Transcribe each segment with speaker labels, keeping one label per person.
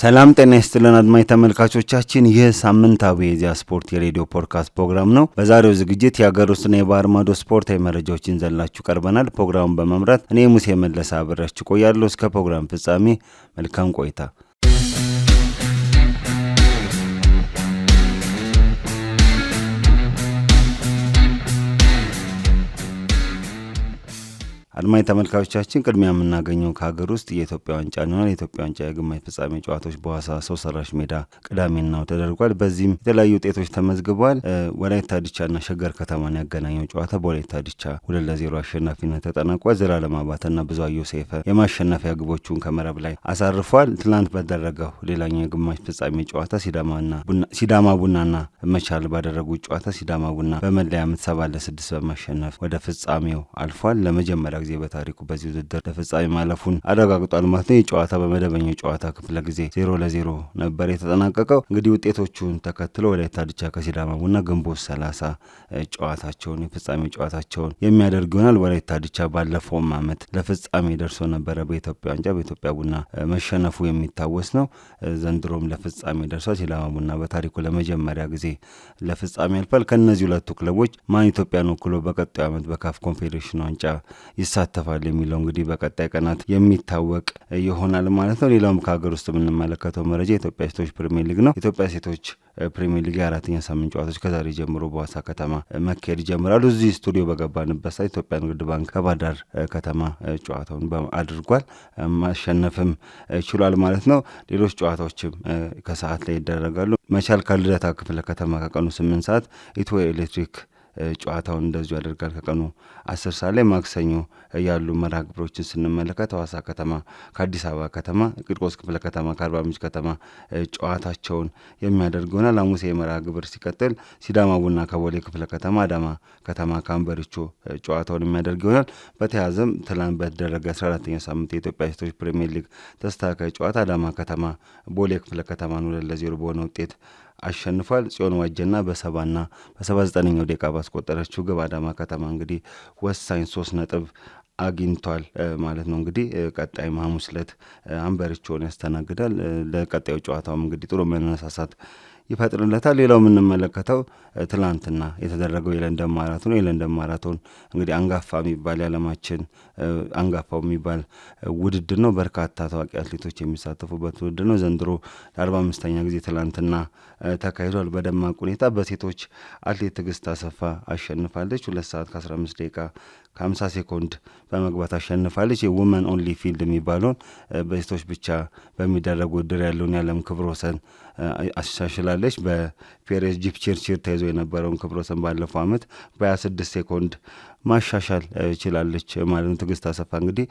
Speaker 1: ሰላም ጤና ይስጥልን አድማጭ ተመልካቾቻችን፣ ይህ ሳምንታዊ የኢዜአ ስፖርት የሬዲዮ ፖድካስት ፕሮግራም ነው። በዛሬው ዝግጅት የሀገር ውስጥና የባህር ማዶ ስፖርታዊ መረጃዎችን ዘላችሁ ቀርበናል። ፕሮግራሙን በመምራት እኔ ሙሴ መለሰ አብሬያችሁ ቆያለሁ። እስከ ፕሮግራም ፍጻሜ መልካም ቆይታ አድማኝ ተመልካቾቻችን ቅድሚያ የምናገኘው ከሀገር ውስጥ የኢትዮጵያ ዋንጫ ይሆናል። የኢትዮጵያ ዋንጫ የግማሽ ፍጻሜ ጨዋታዎች በዋሳ ሰው ሰራሽ ሜዳ ቅዳሜና እሁድ ተደርጓል። በዚህም የተለያዩ ውጤቶች ተመዝግበዋል። ወላይታ ዲቻና ሸገር ከተማን ያገናኘው ጨዋታ በወላይታ ዲቻ ሁለት ለዜሮ አሸናፊነት ተጠናቋል። ዘላለም አባተና ብዙአየሁ ሰይፈ የማሸነፊያ ግቦቹን ከመረብ ላይ አሳርፏል። ትናንት በደረገው ሌላኛው የግማሽ ፍጻሜ ጨዋታ ሲዳማ ቡናና መቻል ባደረጉት ጨዋታ ሲዳማ ቡና በመለያ ምት ሰባት ለስድስት በማሸነፍ ወደ ፍጻሜው አልፏል። ለመጀመሪያ ጊዜ ጊዜ በታሪኩ በዚህ ውድድር ለፍጻሜ ማለፉን አረጋግጧል ማለት ነው። የጨዋታ በመደበኛው ጨዋታ ክፍለ ጊዜ ዜሮ ለዜሮ ነበር የተጠናቀቀው። እንግዲህ ውጤቶቹን ተከትሎ ወላይታ ድቻ ከሲዳማ ቡና ግንቦት ሰላሳ ጨዋታቸውን የፍጻሜ ጨዋታቸውን የሚያደርግ ይሆናል። ወላይታ ድቻ ባለፈውም አመት ለፍጻሜ ደርሶ ነበረ በኢትዮጵያ ዋንጫ በኢትዮጵያ ቡና መሸነፉ የሚታወስ ነው። ዘንድሮም ለፍጻሜ ደርሷ ሲዳማ ቡና በታሪኩ ለመጀመሪያ ጊዜ ለፍጻሜ ያልፋል። ከእነዚህ ሁለቱ ክለቦች ማን ኢትዮጵያን ወክሎ በቀጣዩ አመት በካፍ ኮንፌዴሬሽን ዋንጫ ይሳ ይሳተፋል የሚለው እንግዲህ በቀጣይ ቀናት የሚታወቅ ይሆናል ማለት ነው። ሌላውም ከሀገር ውስጥ የምንመለከተው መረጃ የኢትዮጵያ ሴቶች ፕሪሚየር ሊግ ነው። ኢትዮጵያ ሴቶች ፕሪሚየር ሊግ የአራተኛ ሳምንት ጨዋታዎች ከዛሬ ጀምሮ በዋሳ ከተማ መካሄድ ይጀምራሉ። እዚህ ስቱዲዮ በገባንበት ሰዓት ኢትዮጵያ ንግድ ባንክ ከባዳር ከተማ ጨዋታውን አድርጓል፣ ማሸነፍም ችሏል ማለት ነው። ሌሎች ጨዋታዎችም ከሰዓት ላይ ይደረጋሉ። መቻል ከልደታ ክፍለ ከተማ ከቀኑ ስምንት ሰዓት ኢትዮ ኤሌክትሪክ ጨዋታውን እንደዚሁ ያደርጋል። ከቀኑ አስር ሰዓት ላይ ማክሰኞ ያሉ መርሃ ግብሮችን ስንመለከት ሐዋሳ ከተማ ከአዲስ አበባ ከተማ፣ ቂርቆስ ክፍለ ከተማ ከአርባ ምንጭ ከተማ ጨዋታቸውን የሚያደርግ ይሆናል። ሐሙስ የመርሃ ግብር ሲቀጥል ሲዳማ ቡና ከቦሌ ክፍለ ከተማ፣ አዳማ ከተማ ከአንበሪቾ ጨዋታውን የሚያደርግ ይሆናል። በተያያዘም ትላንት በተደረገ አስራ አራተኛው ሳምንት የኢትዮጵያ ሴቶች ፕሪሚየር ሊግ ተስተካካይ ጨዋታ አዳማ ከተማ ቦሌ ክፍለ ከተማን ሁለት ለዜሮ በሆነ ውጤት አሸንፏል። ጽዮን ዋጀና በሰባና በሰባ ዘጠነኛው ደቂቃ ባስቆጠረችው ግብ አዳማ ከተማ እንግዲህ ወሳኝ ሶስት ነጥብ አግኝቷል ማለት ነው። እንግዲህ ቀጣይ ሐሙስ ዕለት ያስተናግዳል። ለቀጣዩ ጨዋታውም እንግዲህ ጥሩ መነሳሳት ይፈጥርለታል። ሌላው የምንመለከተው ትላንትና የተደረገው የለንደን ማራቶን የለንደን ማራቶን እንግዲህ አንጋፋ የሚባል የዓለማችን አንጋፋው የሚባል ውድድር ነው። በርካታ ታዋቂ አትሌቶች የሚሳተፉበት ውድድር ነው። ዘንድሮ ለአርባ አምስተኛ ጊዜ ትላንትና ተካሂዷል በደማቅ ሁኔታ። በሴቶች አትሌት ትዕግስት አሰፋ አሸንፋለች። ሁለት ሰዓት ከአስራ አምስት ደቂቃ ከሀምሳ ሴኮንድ በመግባት አሸንፋለች። የውመን ኦንሊ ፊልድ የሚባለውን በሴቶች ብቻ በሚደረግ ውድድር ያለውን የዓለም ክብረ ወሰን አሻሽላለች። በፔሬስ ጂፕ ቺርቺር ተይዞ የነበረውን ክብረ ወሰን ባለፈው ዓመት በ26 ሴኮንድ ማሻሻል ችላለች ማለት ነው። ትዕግስት አሰፋ እንግዲህ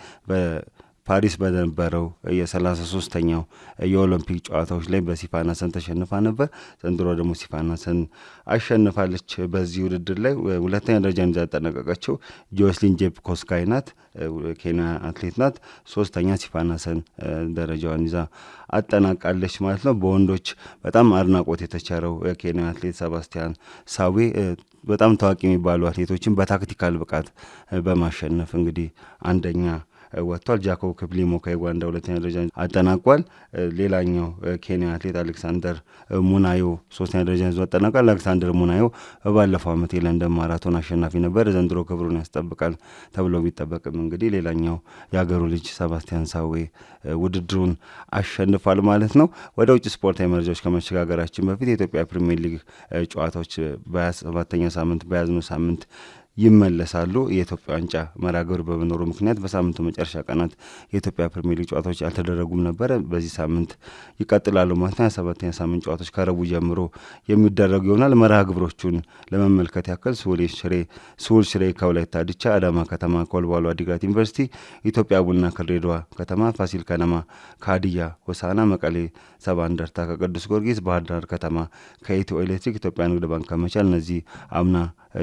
Speaker 1: ፓሪስ በነበረው የሰላሳ ሶስተኛው የኦሎምፒክ ጨዋታዎች ላይ በሲፋናሰን ተሸንፋ ነበር። ዘንድሮ ደግሞ ሲፋናሰን አሸንፋለች። በዚህ ውድድር ላይ ሁለተኛ ደረጃን ይዛ ያጠናቀቀችው ጆስሊን ጄፕ ኮስካይ ናት፣ ኬንያ አትሌት ናት። ሶስተኛ ሲፋናሰን ደረጃዋን ይዛ አጠናቃለች ማለት ነው። በወንዶች በጣም አድናቆት የተቸረው ኬንያ አትሌት ሰባስቲያን ሳዌ በጣም ታዋቂ የሚባሉ አትሌቶችን በታክቲካል ብቃት በማሸነፍ እንግዲህ አንደኛ ወጥቷል። ጃኮብ ክፕሊሞ ከዩጋንዳ ሁለተኛ ደረጃ አጠናቋል። ሌላኛው ኬንያ አትሌት አሌክሳንደር ሙናዮ ሶስተኛ ደረጃ ይዞ አጠናቋል። አሌክሳንደር ሙናዮ ባለፈው ዓመት የለንደን ማራቶን አሸናፊ ነበር። ዘንድሮ ክብሩን ያስጠብቃል ተብሎ ቢጠበቅም እንግዲህ ሌላኛው የአገሩ ልጅ ሰባስቲያን ሳዌ ውድድሩን አሸንፏል ማለት ነው። ወደ ውጭ ስፖርታዊ መረጃዎች ከመሸጋገራችን በፊት የኢትዮጵያ ፕሪሚየር ሊግ ጨዋታዎች በ ሳምንት በያዝነው ሳምንት ይመለሳሉ። የኢትዮጵያ ዋንጫ መርሃ ግብር በመኖሩ ምክንያት በሳምንቱ መጨረሻ ቀናት የኢትዮጵያ ፕሪሚየር ሊግ ጨዋታዎች አልተደረጉም ነበረ። በዚህ ሳምንት ይቀጥላሉ ማለት ነው። ሰባተኛ ሳምንት ጨዋታዎች ከረቡ ጀምሮ የሚደረጉ ይሆናል። መርሃ ግብሮቹን ለመመልከት ያክል ስሁል ሽሬ ከወላይታ ድቻ፣ አዳማ ከተማ ከወልዋሎ አዲግራት ዩኒቨርሲቲ፣ ኢትዮጵያ ቡና ከድሬዳዋ ከተማ፣ ፋሲል ከነማ ከሀዲያ ሆሳና፣ መቀሌ ሰባ እንደርታ ከቅዱስ ጊዮርጊስ፣ ባህር ዳር ከተማ ከኢትዮ ኤሌክትሪክ፣ ኢትዮጵያ ንግድ ባንክ ከመቻል እነዚህ አምና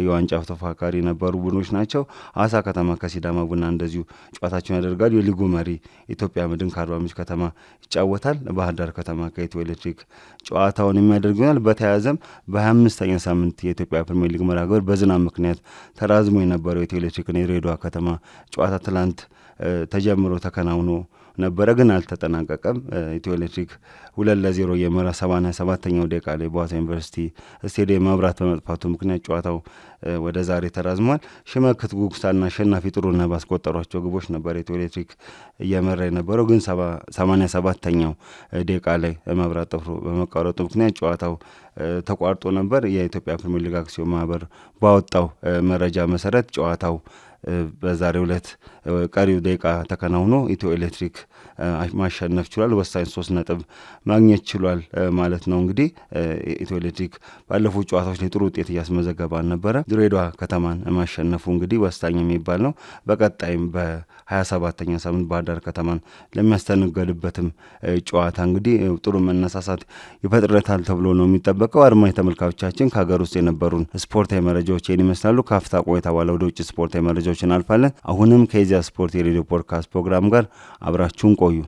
Speaker 1: የዋንጫ ተፎካካሪ የነበሩ ቡድኖች ናቸው። አሳ ከተማ ከሲዳማ ቡና እንደዚሁ ጨዋታቸውን ያደርጋሉ። የሊጉ መሪ ኢትዮጵያ መድን ከአርባ ምንጭ ከተማ ይጫወታል። ባህር ዳር ከተማ ከኢትዮ ኤሌክትሪክ ጨዋታውን የሚያደርግ ይሆናል። በተያያዘም በ ሳምንት የኢትዮጵያ ፕሪሚየር ሊግ መርሃ ግብር በዝናብ ምክንያት ተራዝሞ የነበረው የኢትዮ ኤሌክትሪክና የድሬዳዋ ከተማ ጨዋታ ትላንት ተጀምሮ ተከናውኖ ነበረ፣ ግን አልተጠናቀቀም። ኢትዮ ኤሌክትሪክ ሁለት ለዜሮ እየመራ ሰባና ሰባተኛው ደቂቃ ላይ በዋሳ ዩኒቨርሲቲ ስቴዲየም መብራት በመጥፋቱ ምክንያት ጨዋታው ወደ ዛሬ ተራዝሟል። ሽመክት ጉጉሳና አሸናፊ ጥሩነ ባስቆጠሯቸው ግቦች ነበር ኢትዮ ኤሌክትሪክ እየመራ የነበረው፣ ግን ሰማኒያ ሰባተኛው ደቂቃ ላይ መብራት ጠፍሮ በመቋረጡ ምክንያት ጨዋታው ተቋርጦ ነበር። የኢትዮጵያ ፕሪሚየር ሊግ አክሲዮን ማህበር ባወጣው መረጃ መሰረት ጨዋታው በዛሬው ዕለት ቀሪው ደቂቃ ተከናውኖ ኢትዮ ኤሌክትሪክ ማሸነፍ ችሏል። ወሳኝ ሶስት ነጥብ ማግኘት ችሏል ማለት ነው። እንግዲህ ኢትዮ ኤሌክትሪክ ባለፉት ጨዋታዎች ላይ ጥሩ ውጤት እያስመዘገበ አልነበረ። ድሬዳዋ ከተማን ማሸነፉ እንግዲህ ወሳኝ የሚባል ነው። በቀጣይም በ27ተኛ ሳምንት ባህር ዳር ከተማን ለሚያስተናግድበትም ጨዋታ እንግዲህ ጥሩ መነሳሳት ይፈጥረታል ተብሎ ነው የሚጠበቀው። አድማጭ ተመልካቾቻችን ከሀገር ውስጥ የነበሩን ስፖርታዊ መረጃዎች ይህን ይመስላሉ። ካፍታ ቆይታ በኋላ ወደ ውጭ ስፖርታዊ መረጃዎች እናልፋለን። አሁንም ከኢዜአ ስፖርት የሬዲዮ ፖድካስት ፕሮግራም ጋር አብራችሁን ቆዩ።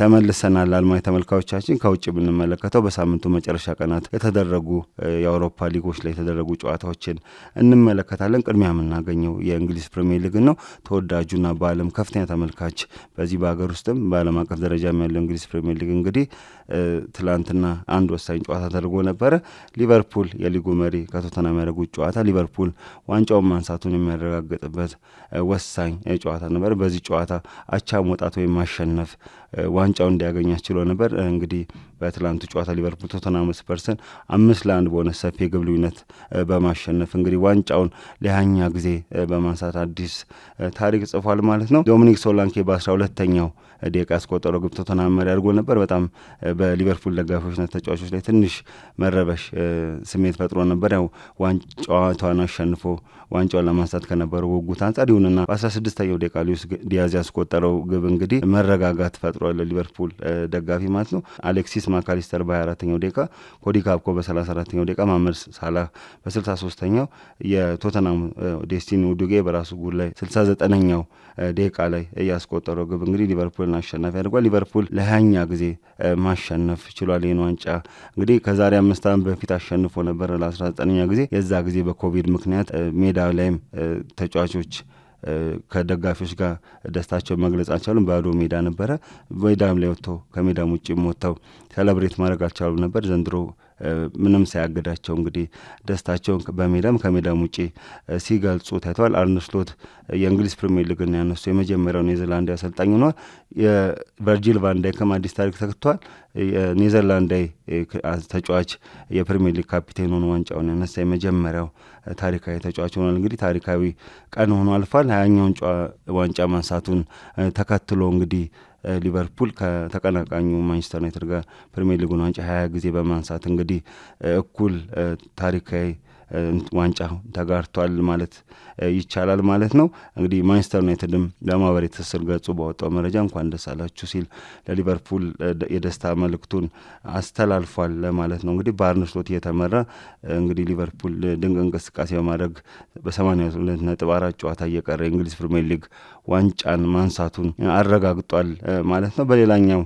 Speaker 1: ተመልሰናል። አልማኝ ተመልካዮቻችን ከውጭ ብንመለከተው በሳምንቱ መጨረሻ ቀናት የተደረጉ የአውሮፓ ሊጎች ላይ የተደረጉ ጨዋታዎችን እንመለከታለን። ቅድሚያ የምናገኘው የእንግሊዝ ፕሪሚየር ሊግ ነው። ተወዳጁና በዓለም ከፍተኛ ተመልካች በዚህ በሀገር ውስጥም በዓለም አቀፍ ደረጃ ያለው እንግሊዝ ፕሪሚየር ሊግ እንግዲህ ትላንትና አንድ ወሳኝ ጨዋታ ተደርጎ ነበረ። ሊቨርፑል የሊጉ መሪ ከቶተናም ያደረጉት ጨዋታ ሊቨርፑል ዋንጫውን ማንሳቱን የሚያረጋግጥበት ወሳኝ ጨዋታ ነበር። በዚህ ጨዋታ አቻ መውጣት ወይም ማሸነፍ ዋንጫው እንዲያገኝ ያስችለው ነበር። እንግዲህ በትላንቱ ጨዋታ ሊቨርፑል ቶተንሃም ስፐርስን አምስት ለአንድ በሆነ ሰፊ የግብ ልዩነት በማሸነፍ እንግዲህ ዋንጫውን ለያኛ ጊዜ በማንሳት አዲስ ታሪክ ጽፏል ማለት ነው። ዶሚኒክ ሶላንኬ በአስራ ሁለተኛው ደቂቃ ያስቆጠረው ግብ ቶተናም መሪ አድርጎ ነበር። በጣም በሊቨርፑል ደጋፊዎችና ተጫዋቾች ላይ ትንሽ መረበሽ ስሜት ፈጥሮ ነበር። ያው ዋንጫዋቷን አሸንፎ ዋንጫውን ለማንሳት ከነበረው ጉጉት አንጻር ይሁንና በአስራ ስድስተኛው ደቂቃ ሊዩስ ዲያዝ ያስቆጠረው ግብ እንግዲህ መረጋጋት ፈጥሯል ሊቨርፑል ደጋፊ ማለት ነው። አሌክሲስ ማካሊስተር በ24ኛው ደቂቃ፣ ኮዲ ካብኮ በሰላሳ አራተኛው ደቂቃ ማመድ ሳላህ በስልሳ 63 ኛው የቶተናም ዴስቲኒ ኡዱጌ በራሱ ጉድ ላይ 69ኛው ደቂቃ ላይ እያስቆጠረው ግብ እንግዲህ ሊቨርፑል ሊቨርፑልን አሸናፊ አድርጓል። ሊቨርፑል ለሀያኛ ጊዜ ማሸነፍ ችሏል። ይህን ዋንጫ እንግዲህ ከዛሬ አምስት ዓመት በፊት አሸንፎ ነበር ለአስራ ዘጠነኛ ጊዜ የዛ ጊዜ በኮቪድ ምክንያት ሜዳ ላይም ተጫዋቾች ከደጋፊዎች ጋር ደስታቸው መግለጽ አልቻሉም። ባዶ ሜዳ ነበረ። ሜዳም ላይ ወጥቶ ከሜዳም ውጭ ወጥተው ሴሌብሬት ማድረግ አልቻሉም ነበር ዘንድሮ ምንም ሳያግዳቸው እንግዲህ ደስታቸውን በሜዳም ከሜዳም ውጪ ሲገልጹ ታይተዋል። አርነ ስሎት የእንግሊዝ ፕሪሚየር ሊግን ያነሱ የመጀመሪያውን ኔዘርላንድ አሰልጣኝ ሆኗል። የቨርጂል ቫንዳይ አዲስ ታሪክ ተክቷል። ኔዘርላንዳዊ ተጫዋች የፕሪሚየር ሊግ ካፒቴን ሆኖ ዋንጫውን ያነሳ የመጀመሪያው ታሪካዊ ተጫዋች ሆኗል። እንግዲህ ታሪካዊ ቀን ሆኖ አልፏል። ሀያኛውን ዋንጫ ማንሳቱን ተከትሎ እንግዲህ ሊቨርፑል ከተቀናቃኙ ማንቸስተር ዩናይትድ ጋር ፕሪሚየር ሊጉን ዋንጫ ሀያ ጊዜ በማንሳት እንግዲህ እኩል ታሪካዊ ዋንጫ ተጋርቷል ማለት ይቻላል ማለት ነው። እንግዲህ ማንቸስተር ዩናይትድም ለማህበራዊ ትስስር ገጹ ባወጣው መረጃ እንኳን ደስ አላችሁ ሲል ለሊቨርፑል የደስታ መልእክቱን አስተላልፏል ማለት ነው። እንግዲህ በአርነ ስሎት እየተመራ እንግዲህ ሊቨርፑል ድንቅ እንቅስቃሴ በማድረግ በሰማንያ ሁለት ነጥብ አራት ጨዋታ እየቀረ የእንግሊዝ ፕሪሚየር ሊግ ዋንጫን ማንሳቱን አረጋግጧል ማለት ነው። በሌላኛው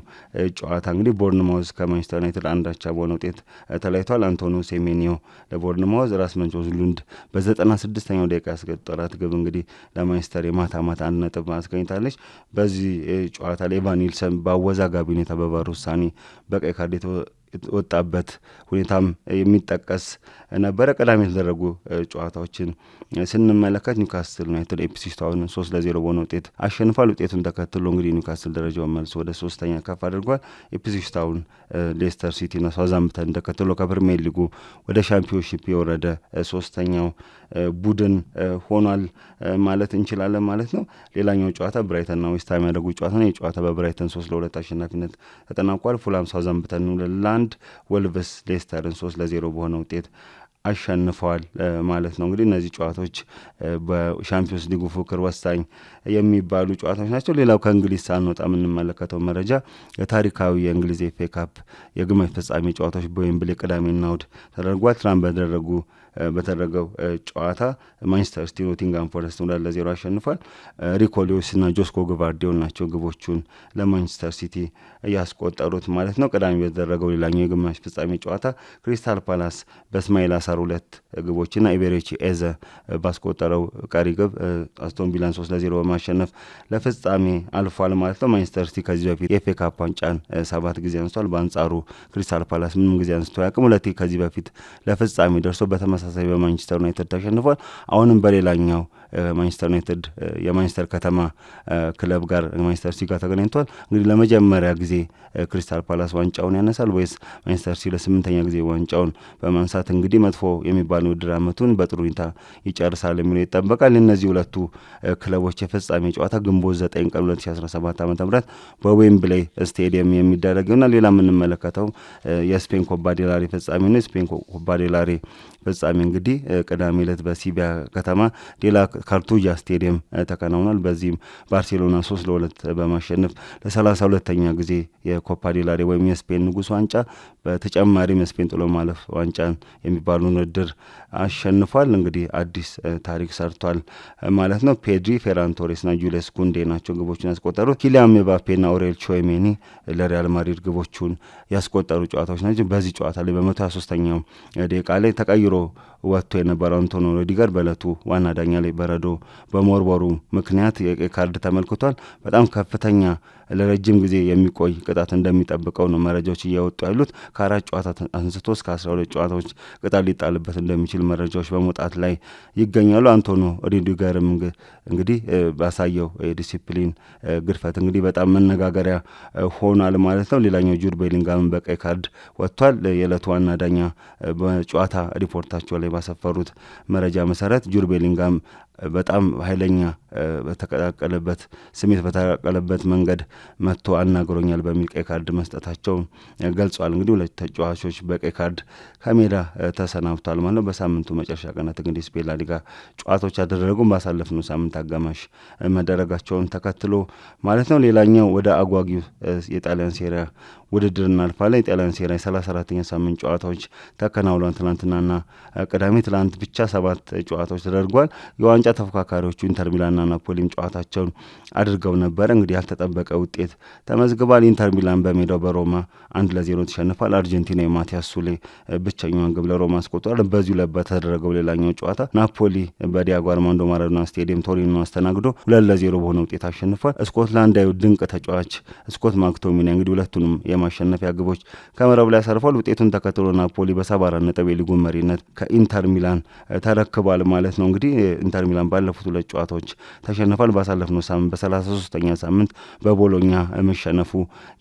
Speaker 1: ጨዋታ እንግዲህ ቦርንማውዝ ከማንቸስተር ዩናይትድ አንዳቻ በሆነ ውጤት ተለያይቷል። አንቶኒዮ ሴሜኒዮ ለቦርንማውዝ ራስ ራስመንድ ሉንድ በዘጠና ስድስተኛው ደቂቃ ያስቆጠራት ግብ እንግዲህ ለማንቸስተር የማታ ማታ አንድ ነጥብ አስገኝታለች። በዚህ ጨዋታ ላይ ኢቫን ኒልሰን በአወዛጋቢ ሁኔታ በቫር ውሳኔ በቀይ ካርድ የወጣበት ሁኔታም የሚጠቀስ ነበረ። ቀዳሚ የተደረጉ ጨዋታዎችን ስንመለከት ኒውካስትል ዩናይትድ ኤፕሲ ታውንን ሶስት ለዜሮ በሆነ ውጤት አሸንፏል። ውጤቱን ተከትሎ እንግዲህ ኒውካስትል ደረጃውን መልሶ ወደ ሶስተኛ ከፍ አድርጓል። ኤፕሲ ታውን ሌስተር ሲቲና ሳውዛምፕተን ተከትሎ ከፕሪሚየር ሊጉ ወደ ሻምፒዮንሺፕ የወረደ ሶስተኛው ቡድን ሆኗል ማለት እንችላለን ማለት ነው። ሌላኛው ጨዋታ ብራይተንና ዌስትሃም ያደረጉት ጨዋታ ነው። የጨዋታ በብራይተን ሶስት ለሁለት አሸናፊነት ተጠናቋል። ፉላም ሳውዛምፕተን ለአንድ፣ ወልቭስ ሌስተርን ሶስት ለዜሮ በሆነ ውጤት አሸንፈዋል ማለት ነው። እንግዲህ እነዚህ ጨዋታዎች በሻምፒዮንስ ሊጉ ፉክክር ወሳኝ የሚባሉ ጨዋታዎች ናቸው። ሌላው ከእንግሊዝ ሳንወጣ የምንመለከተው መረጃ የታሪካዊ የእንግሊዝ ኤፍ ኤ ካፕ የግማሽ ፍጻሜ ጨዋታዎች በዌምብሌ ቅዳሜና እሁድ ተደርጓል። ትናንት በተደረጉ በተደረገው ጨዋታ ማንቸስተር ሲቲ ኖቲንጋም ፎረስት ሁለት ለዜሮ አሸንፏል። ሪኮሊዮስ እና ጆስኮ ግቫርዲዮል ናቸው ግቦቹን ለማንቸስተር ሲቲ ያስቆጠሩት ማለት ነው። ቅዳሜ በተደረገው ሌላኛው የግማሽ ፍጻሜ ጨዋታ ክሪስታል ፓላስ በእስማኤል አሳር ሁለት ግቦችና ኢቤሬቺ ኤዘ ባስቆጠረው ቀሪ ግብ አስቶን ቪላን ሶስት ለዜሮ በማሸነፍ ለፍጻሜ አልፏል ማለት ነው። ማንቸስተር ሲቲ ከዚህ በፊት የኤፍ ኤ ካፕ ዋንጫን ሰባት ጊዜ አንስቷል። በአንጻሩ ክሪስታል ፓላስ ምንም ጊዜ አንስቶ ያቅም ሁለት ከዚህ በፊት ለፍጻሜ ደርሶ በተመ በተመሳሳይ በማንቸስተር ዩናይትድ ተሸንፏል። አሁንም በሌላኛው ማንቸስተር ዩናይትድ የማንቸስተር ከተማ ክለብ ጋር ማንቸስተር ሲቲ ጋር ተገናኝቷል። እንግዲህ ለመጀመሪያ ጊዜ ክሪስታል ፓላስ ዋንጫውን ያነሳል ወይስ ማንቸስተር ሲቲ ለስምንተኛ ጊዜ ዋንጫውን በማንሳት እንግዲህ መጥፎ የሚባል ውድድር አመቱን በጥሩ ሁኔታ ይጨርሳል የሚለው ይጠበቃል። እነዚህ ሁለቱ ክለቦች የፍጻሜ ጨዋታ ግንቦት ዘጠኝ ቀን 2017 ዓ ም በዌምብሌይ ስቴዲየም የሚደረግ ይሆናል። ሌላ የምንመለከተው የስፔን ኮባዴላሪ ፍጻሜ ነው። የስፔን ኮባዴላሪ ፍጻሜ እንግዲህ ቅዳሜ ዕለት በሲቢያ ከተማ ሌላ ካርቱጃ ስቴዲየም ተከናውኗል። በዚህም ባርሴሎና ሶስት ለሁለት በማሸነፍ ለሰላሳ ሁለተኛ ጊዜ የኮፓ ዴላሬ ወይም የስፔን ንጉስ ዋንጫ በተጨማሪም የስፔን ጥሎ ማለፍ ዋንጫን የሚባሉን ውድድር አሸንፏል። እንግዲህ አዲስ ታሪክ ሰርቷል ማለት ነው። ፔድሪ፣ ፌራን ቶሬስ ና ጁልስ ኩንዴ ናቸው ግቦቹን ያስቆጠሩት። ኪሊያን ሜባፔ ና ኦሬል ቾይሜኒ ለሪያል ማድሪድ ግቦቹን ያስቆጠሩ ጨዋታዎች ናቸው። በዚህ ጨዋታ ላይ በመቶ ሶስተኛው ደቂቃ ላይ ተቀይሮ ወጥቶ የነበረው አንቶኖ ሮዲገር በእለቱ ዋና ዳኛ ላይ በረዶ በመወርወሩ ምክንያት የቀይ ካርድ ተመልክቷል። በጣም ከፍተኛ ለረጅም ጊዜ የሚቆይ ቅጣት እንደሚጠብቀው ነው መረጃዎች እያወጡ ያሉት። ከአራት ጨዋታ አንስቶ እስከ አስራ ሁለት ጨዋታዎች ቅጣት ሊጣልበት እንደሚችል መረጃዎች በመውጣት ላይ ይገኛሉ። አንቶኖ ሩዲገርም እንግዲህ ባሳየው የዲሲፕሊን ግድፈት እንግዲህ በጣም መነጋገሪያ ሆኗል ማለት ነው። ሌላኛው ጁድ ቤሊንጋምን በቀይ ካርድ ወጥቷል። የዕለቱ ዋና ዳኛ በጨዋታ ሪፖርታቸው ላይ ላይ ባሰፈሩት መረጃ መሰረት ጁድ ቤሊንጋም በጣም ኃይለኛ በተቀላቀለበት ስሜት በተቀላቀለበት መንገድ መጥቶ አናግሮኛል በሚል ቀይ ካርድ መስጠታቸው ገልጿል። እንግዲህ ሁለት ተጫዋቾች በቀይ ካርድ ከሜዳ ተሰናብቷል ማለት ነው። በሳምንቱ መጨረሻ ቀናት እንግዲህ ስፔን ላሊጋ ጨዋታዎች ያደረጉም ባሳለፍነው ሳምንት አጋማሽ መደረጋቸውን ተከትሎ ማለት ነው። ሌላኛው ወደ አጓጊው የጣሊያን ሴሪያ ውድድር እናልፋለን። የጣሊያን ሴሪያ የሰላሳ አራተኛ ሳምንት ጨዋታዎች ተከናውሏል። ትናንትናና ቅዳሜ ትናንት ብቻ ሰባት ጨዋታዎች ተደርጓል። የዋንጫ ተፎካካሪዎቹ ኢንተር ሚላን ባየርንና ናፖሊም ጨዋታቸውን አድርገው ነበረ እንግዲህ ያልተጠበቀ ውጤት ተመዝግቧል። ኢንተር ሚላን በሜዳው በሮማ አንድ ለዜሮ ተሸንፏል። አርጀንቲና የማቲያስ ሱሌ ብቸኛዋን ግብ ለሮማ አስቆጥሯል። በዚሁ ዕለት በተደረገው ሌላኛው ጨዋታ ናፖሊ በዲያጎ አርማንዶ ማራዶና ስቴዲየም ቶሪኖ አስተናግዶ ሁለት ለዜሮ በሆነ ውጤት አሸንፏል። ስኮትላንዳዊ ድንቅ ተጫዋች ስኮት ማክቶሚኒ እንግዲህ ሁለቱንም የማሸነፊያ ግቦች ከመረብ ላይ አሰርፏል። ውጤቱን ተከትሎ ናፖሊ በሰባ አራት ነጥብ መሪነት ከኢንተር ሚላን ተረክቧል ማለት ነው። እንግዲህ ኢንተር ሚላን ባለፉት ሁለት ጨዋታዎች ተሸንፏል። ባሳለፍነው ሳምንት በሰላሳ ሶስተኛ ሳምንት በቦሎኛ መሸነፉ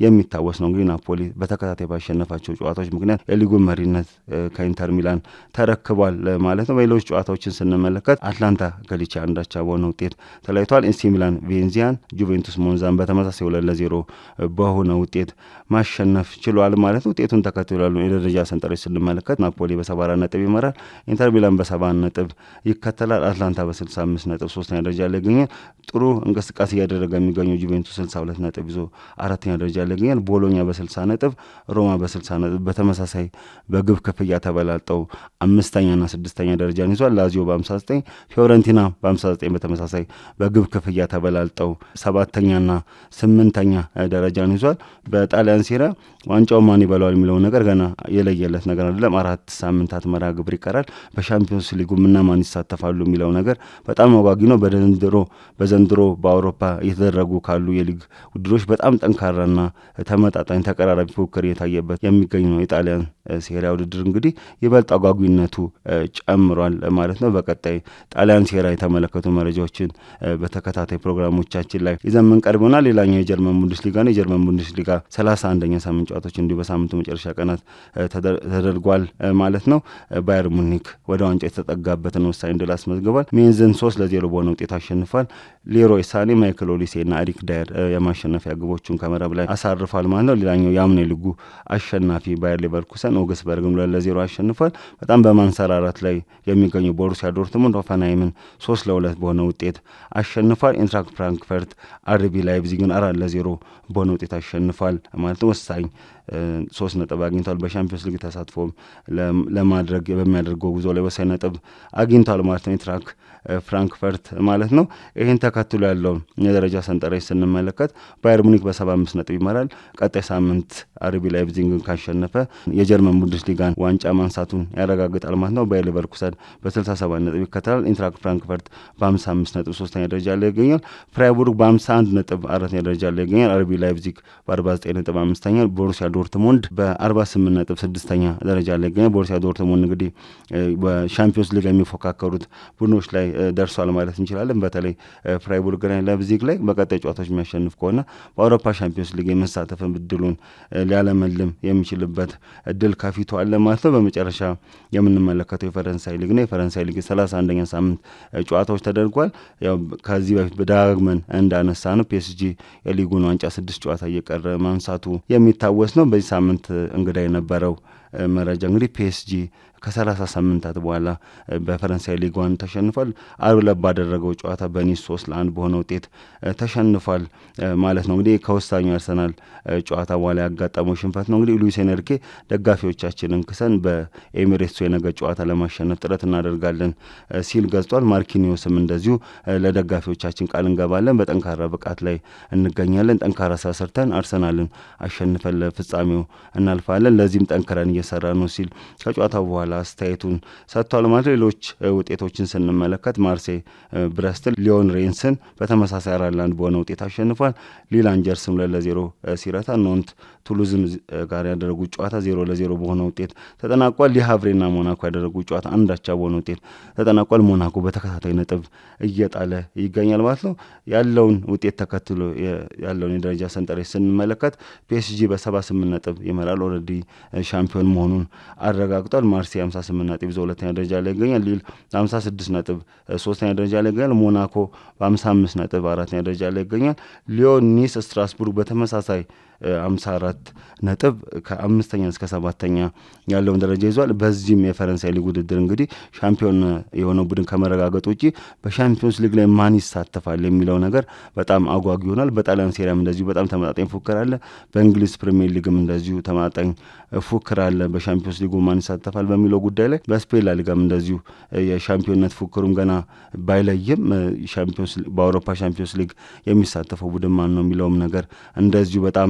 Speaker 1: የሚታወስ ነው። እንግዲህ ናፖሊ በተከታታይ ባሸነፋቸው ጨዋታዎች ምክንያት የሊጉን መሪነት ከኢንተር ሚላን ተረክቧል ማለት ነው። በሌሎች ጨዋታዎችን ስንመለከት አትላንታ ከሊቼ አንዳቻ በሆነ ውጤት ተለያይቷል። ኤሲ ሚላን ቬንዚያን፣ ጁቬንቱስ ሞንዛን በተመሳሳይ ሁለት ለዜሮ በሆነ ውጤት ማሸነፍ ችሏል ማለት ነው። ውጤቱን ተከትሎ የደረጃ ሰንጠረዥ ስንመለከት ናፖሊ በሰባ አራት ነጥብ ይመራል። ኢንተር ሚላን በሰባ ነጥብ ይከተላል። አትላንታ በስልሳ አምስት ነጥብ ሶስተኛ ደረጃ ላይ ላይ ጥሩ እንቅስቃሴ እያደረገ የሚገኘው ጁቬንቱስ 62 ነጥብ ይዞ አራተኛ ደረጃ ላይ ይገኛል። ቦሎኛ በ60 ነጥብ፣ ሮማ በ60 ነጥብ በተመሳሳይ በግብ ክፍያ ተበላልጠው አምስተኛና ስድስተኛ ደረጃን ይዟል። ላዚዮ በ59፣ ፊዮረንቲና በ59 በተመሳሳይ በግብ ክፍያ ተበላልጠው ሰባተኛና ስምንተኛ ደረጃን ይዟል። በጣሊያን ሲራ ዋንጫው ማን ይበላዋል የሚለው ነገር ገና የለየለት ነገር አይደለም። አራት ሳምንታት መርሃ ግብር ይቀራል። በሻምፒዮንስ ሊጉ ምና ማን ይሳተፋሉ የሚለው ነገር በጣም አጓጊ ነው። በዘንድሮ በዘንድሮ በአውሮፓ እየተደረጉ ካሉ የሊግ ውድድሮች በጣም ጠንካራና ተመጣጣኝ ተቀራራቢ ፉክክር እየታየበት የሚገኝ ነው የጣሊያን ሴራ ውድድር እንግዲህ ይበልጥ አጓጊነቱ ጨምሯል ማለት ነው። በቀጣይ ጣሊያን ሴራ የተመለከቱ መረጃዎችን በተከታታይ ፕሮግራሞቻችን ላይ ይዘን ምንቀርበናል። ሌላኛው የጀርመን ሊጋ ነው። የጀርመን ሊጋ ሰላሳ አንደኛ ሳምንት ጨዋታዎች እንዲሁ በሳምንቱ መጨረሻ ቀናት ተደርጓል ማለት ነው። ባየር ሙኒክ ወደ ዋንጫ የተጠጋበትን ወሳኝ ድል አስመዝግቧል። ሜንዝን ሶስት ለዜሮ በሆነ ውጤት አሸንፏል። ሌሮይ ሳኔ፣ ማይክል ኦሊሴ ና አሪክ ዳየር የማሸነፊያ ግቦቹን ከመረብ ላይ አሳርፏል ማለት ነው። ሌላኛው የአምኔ ሊጉ አሸናፊ ባየር ሌቨርኩሰን ኖግስበርግ ሁለት ለዜሮ አሸንፏል። በጣም በማንሰራራት ላይ የሚገኙ ቦሩሲያ ዶርትሙንድ ሆፈንሃይምን ሶስት ለሁለት በሆነ ውጤት አሸንፏል። ኢንትራክት ፍራንክፈርት አርቢ ላይፕዚግን አራት ለዜሮ በሆነ ውጤት አሸንፏል። ማለትም ወሳኝ ሶስት ነጥብ አግኝቷል። በሻምፒዮንስ ሊግ ተሳትፎ ለማድረግ በሚያደርገው ጉዞ ላይ ወሳኝ ነጥብ አግኝቷል ማለት ነው ኢንትራክ ፍራንክፈርት ማለት ነው። ይህን ተከትሎ ያለው የደረጃ ሰንጠረዥ ስንመለከት ባየር ሙኒክ በሰባ አምስት ነጥብ ይመራል። ቀጣይ ሳምንት አርቢ ላይፕዚግን ካሸነፈ የጀርመን ቡንደስ ሊጋን ዋንጫ ማንሳቱን ያረጋግጣል ማለት ነው። ባየር ሌቨርኩሰን በስልሳ ሰባት ነጥብ ይከተላል። ኢንትራክ ፍራንክፈርት በሀምሳ አምስት ነጥብ ሶስተኛ ደረጃ ላይ ይገኛል። ፍራይቡርግ በሀምሳ አንድ ነጥብ አራተኛ ደረጃ ላይ ይገኛል። አርቢ ላይፕዚግ በአርባ ዘጠኝ ነጥብ አምስተኛ ቦሩሲያ ዶርትሞንድ በ48 ነጥብ ስድስተኛ ደረጃ ላይ ይገኛል። ቦሩሲያ ዶርትሞንድ እንግዲህ በሻምፒዮንስ ሊግ የሚፎካከሩት ቡድኖች ላይ ደርሷል ማለት እንችላለን። በተለይ ፍራይቡርግና ለብዚግ ላይ በቀጣይ ጨዋታዎች የሚያሸንፍ ከሆነ በአውሮፓ ሻምፒዮንስ ሊግ የመሳተፍን እድሉን ሊያለመልም የሚችልበት እድል ከፊቱ አለ ማለት ነው። በመጨረሻ የምንመለከተው የፈረንሳይ ነው። የፈረንሳይ ሊግ ሰላሳ አንደኛ ሳምንት ጨዋታዎች ተደርጓል። ያው ከዚህ በፊት ደጋግመን እንዳነሳ ነው ፒኤስጂ የሊጉን ዋንጫ ስድስት ጨዋታ እየቀረ ማንሳቱ የሚታወስ ነው። በዚህ ሳምንት እንግዳ የነበረው መረጃ እንግዲህ ፒኤስጂ ከሰላሳ ስምንታት በኋላ በፈረንሳይ ሊጓን ተሸንፏል። አርብ ዕለት ባደረገው ጨዋታ በኒስ ሶስት ለአንድ በሆነ ውጤት ተሸንፏል ማለት ነው። እንግዲህ ከወሳኙ አርሰናል ጨዋታ በኋላ ያጋጠመው ሽንፈት ነው። እንግዲህ ሉዊስ ኤንሪኬ ደጋፊዎቻችንን ክሰን በኤሚሬትሱ የነገ ጨዋታ ለማሸነፍ ጥረት እናደርጋለን ሲል ገልጿል። ማርኪኒዮስም እንደዚሁ ለደጋፊዎቻችን ቃል እንገባለን፣ በጠንካራ ብቃት ላይ እንገኛለን፣ ጠንካራ ስራ ሰርተን አርሰናልን አሸንፈን ለፍጻሜው እናልፋለን፣ ለዚህም ጠንክረን እየሰራ ነው ሲል ከጨዋታው በኋላ በኋላ አስተያየቱን ሰጥቷል ማለት። ሌሎች ውጤቶችን ስንመለከት ማርሴ ብረስትን፣ ሊዮን ሬንስን በተመሳሳይ አራላንድ በሆነ ውጤት አሸንፏል። ሊል አንጀርስም ሁለት ሲረታ፣ ኖንት ቱሉዝም ጋር ያደረጉት ጨዋታ ዜሮ ለዜሮ በሆነ ውጤት ተጠናቋል። ሊሃቭሬና ሞናኮ ያደረጉት ጨዋታ አንዳቻ በሆነ ውጤት ተጠናቋል። ሞናኮ በተከታታይ ነጥብ እየጣለ ይገኛል ማለት ነው። ያለውን ውጤት ተከትሎ ያለውን የደረጃ ሰንጠረዥ ስንመለከት ፒኤስጂ በሰባ ስምንት ነጥብ ይመራል። ኦልሬዲ ሻምፒዮን መሆኑን አረጋግጧል። ማርሴ 58 ነጥብ ይዞ ሁለተኛ ደረጃ ላይ ይገኛል። ሊል 56 ነጥብ ሶስተኛ ደረጃ ላይ ይገኛል። ሞናኮ በ55 ነጥብ አራተኛ ደረጃ ላይ ይገኛል። ሊዮን፣ ኒስ፣ ስትራስቡርግ በተመሳሳይ አምሳ አራት ነጥብ ከአምስተኛ እስከ ሰባተኛ ያለውን ደረጃ ይዟል። በዚህም የፈረንሳይ ሊግ ውድድር እንግዲህ ሻምፒዮን የሆነው ቡድን ከመረጋገጥ ውጪ በሻምፒዮንስ ሊግ ላይ ማን ይሳተፋል የሚለው ነገር በጣም አጓጊ ይሆናል። በጣሊያን ሴሪያም እንደዚሁ በጣም ተመጣጣኝ ፉክክር አለ። በእንግሊዝ ፕሪሚየር ሊግም እንደዚሁ ተመጣጣኝ ፉክክር አለ። በሻምፒዮንስ ሊጉ ማን ይሳተፋል በሚለው ጉዳይ ላይ በስፔን ላሊጋም እንደዚሁ የሻምፒዮንነት ፉክክሩም ገና ባይለይም በአውሮፓ ሻምፒዮንስ ሊግ የሚሳተፈው ቡድን ማን ነው የሚለውም ነገር እንደዚሁ በጣም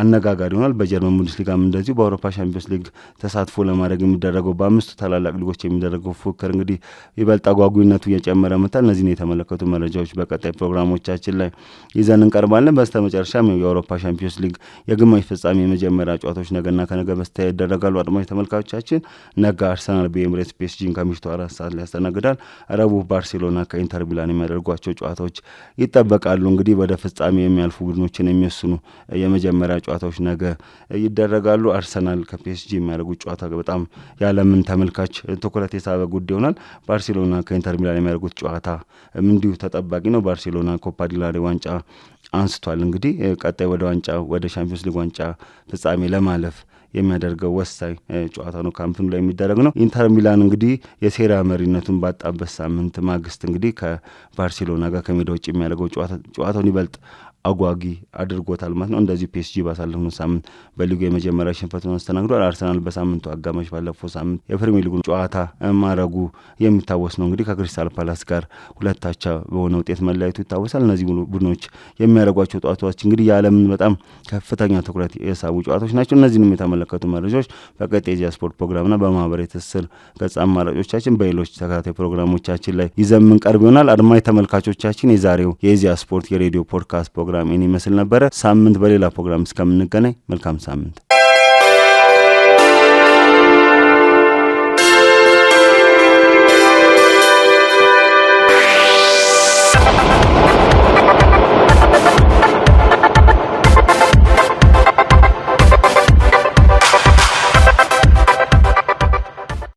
Speaker 1: አነጋጋሪ ይሆናል። በጀርመን ሊጋም እንደዚሁ በአውሮፓ ሻምፒዮንስ ሊግ ተሳትፎ ለማድረግ የሚደረገው በአምስቱ ታላላቅ ሊጎች የሚደረገው ፉክክር እንግዲህ ይበልጥ አጓጉኝነቱ እየጨመረ መጥቷል። እነዚህን የተመለከቱ መረጃዎች በቀጣይ ፕሮግራሞቻችን ላይ ይዘን እንቀርባለን። በስተ መጨረሻም የአውሮፓ ሻምፒዮንስ ሊግ የግማሽ ፍጻሜ የመጀመሪያ ጨዋታዎች ነገና ከነገ በስቲያ ይደረጋሉ። አድማጭ ተመልካቾቻችን፣ ነገ አርሰናል በኤምሬትስ ፒኤስጂን ከምሽቱ አራት ሰዓት ላይ ያስተናግዳል። ረቡዕ ባርሴሎና ከኢንተር ሚላን የሚያደርጓቸው ጨዋታዎች ይጠበቃሉ። እንግዲህ ወደ ፍጻሜ የሚያልፉ ቡድኖችን የሚወስኑ የመጀመሪያ ጨዋታዎች ነገ ይደረጋሉ። አርሰናል ከፒኤስጂ የሚያደርጉት ጨዋታ በጣም የዓለምን ተመልካች ትኩረት የሳበ ጉዳይ ይሆናል። ባርሴሎና ከኢንተር ሚላን የሚያደርጉት ጨዋታ እንዲሁ ተጠባቂ ነው። ባርሴሎና ኮፓ ዲላሪ ዋንጫ አንስቷል። እንግዲህ ቀጣይ ወደ ዋንጫ ወደ ሻምፒዮንስ ሊግ ዋንጫ ፍጻሜ ለማለፍ የሚያደርገው ወሳኝ ጨዋታ ነው። ካምፕኑ ላይ የሚደረግ ነው። ኢንተር ሚላን እንግዲህ የሴሪያ መሪነቱን ባጣበት ሳምንት ማግስት እንግዲህ ከባርሴሎና ጋር ከሜዳ ውጭ የሚያደርገው ጨዋታውን ይበልጥ አጓጊ አድርጎታል ማለት ነው። እንደዚሁ ፒኤስጂ ባሳለፍነው ሳምንት በሊጉ የመጀመሪያ ሽንፈቱን አስተናግዷል። አርሰናል በሳምንቱ አጋማሽ ባለፈው ሳምንት የፕሪሚየር ሊጉን ጨዋታ ማድረጉ የሚታወስ ነው። እንግዲህ ከክሪስታል ፓላስ ጋር ሁለት አቻ በሆነ ውጤት መለያየቱ ይታወሳል። እነዚህ ቡድኖች የሚያደርጓቸው ጨዋታዎች እንግዲህ የዓለምን በጣም ከፍተኛ ትኩረት የሳቡ ጨዋታዎች ናቸው። እነዚህንም የተመለከቱ መረጃዎች በቀጣይ የኢዜአ ስፖርት ፕሮግራምና በማህበራዊ ትስስር ገጽ አማራጮቻችን በሌሎች ተከታታይ ፕሮግራሞቻችን ላይ ይዘምን ቀርብ ይሆናል። አድማጭ ተመልካቾቻችን የዛሬው የኢዜአ ስፖርት የሬዲዮ ፖድካስት ፕሮግራም ፕሮግራም ይህን ይመስል ነበረ። ሳምንት በሌላ ፕሮግራም እስከምንገናኝ መልካም ሳምንት